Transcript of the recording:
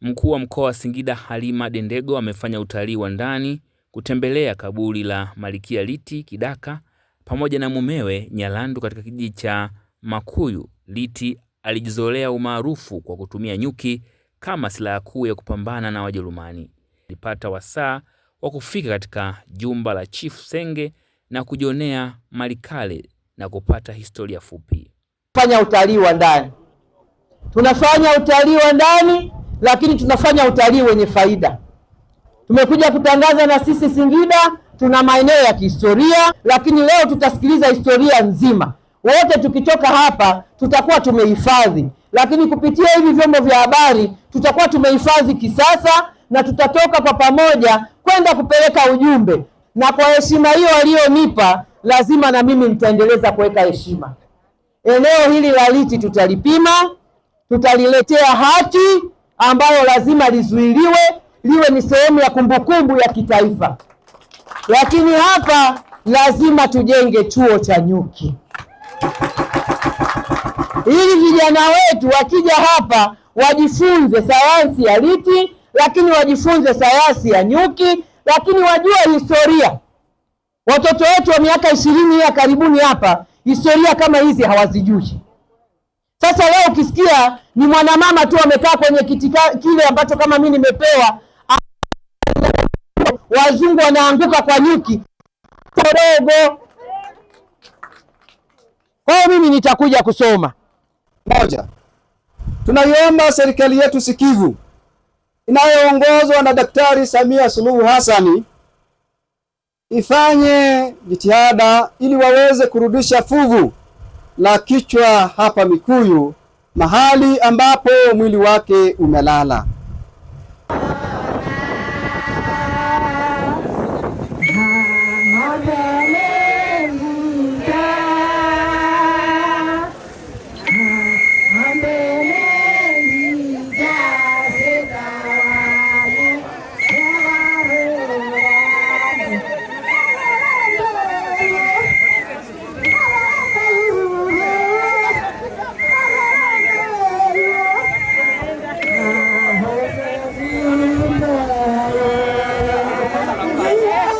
Mkuu wa mkoa wa Singida Halima Dendego amefanya utalii wa ndani kutembelea kaburi la Malikia Liti Kidaka pamoja na mumewe Nyalandu katika kijiji cha Makuyu. Liti alijizolea umaarufu kwa kutumia nyuki kama silaha kuu ya kupambana na Wajerumani. Alipata wasaa wa kufika katika jumba la Chief Senge na kujionea mali kale na kupata historia fupi. Fanya utalii wa ndani, tunafanya utalii wa ndani, lakini tunafanya utalii wenye faida. Tumekuja kutangaza na sisi Singida tuna maeneo ya kihistoria, lakini leo tutasikiliza historia nzima. Wote tukitoka hapa tutakuwa tumehifadhi, lakini kupitia hivi vyombo vya habari tutakuwa tumehifadhi kisasa na tutatoka kwa pamoja kwenda kupeleka ujumbe, na kwa heshima hiyo walionipa lazima na mimi nitaendeleza kuweka heshima. Eneo hili la Liti tutalipima, tutaliletea hati ambayo lazima lizuiliwe, liwe ni sehemu ya kumbukumbu ya kitaifa. Lakini hapa lazima tujenge chuo cha nyuki ili vijana wetu wakija hapa wajifunze sayansi ya Liti lakini wajifunze sayansi ya nyuki, lakini wajue historia. Watoto wetu wa miaka ishirini ya karibuni hapa, historia kama hizi hawazijui. Sasa leo ukisikia ni mwanamama tu amekaa kwenye kiti kile ambacho kama mimi nimepewa, wazungu wanaanguka kwa nyuki dogo. Kwa hiyo mimi nitakuja kusoma moja. Tunaiomba serikali yetu sikivu inayoongozwa na Daktari Samia Suluhu hasani ifanye jitihada ili waweze kurudisha fuvu la kichwa hapa Mikuyu, mahali ambapo mwili wake umelala. 谢谢。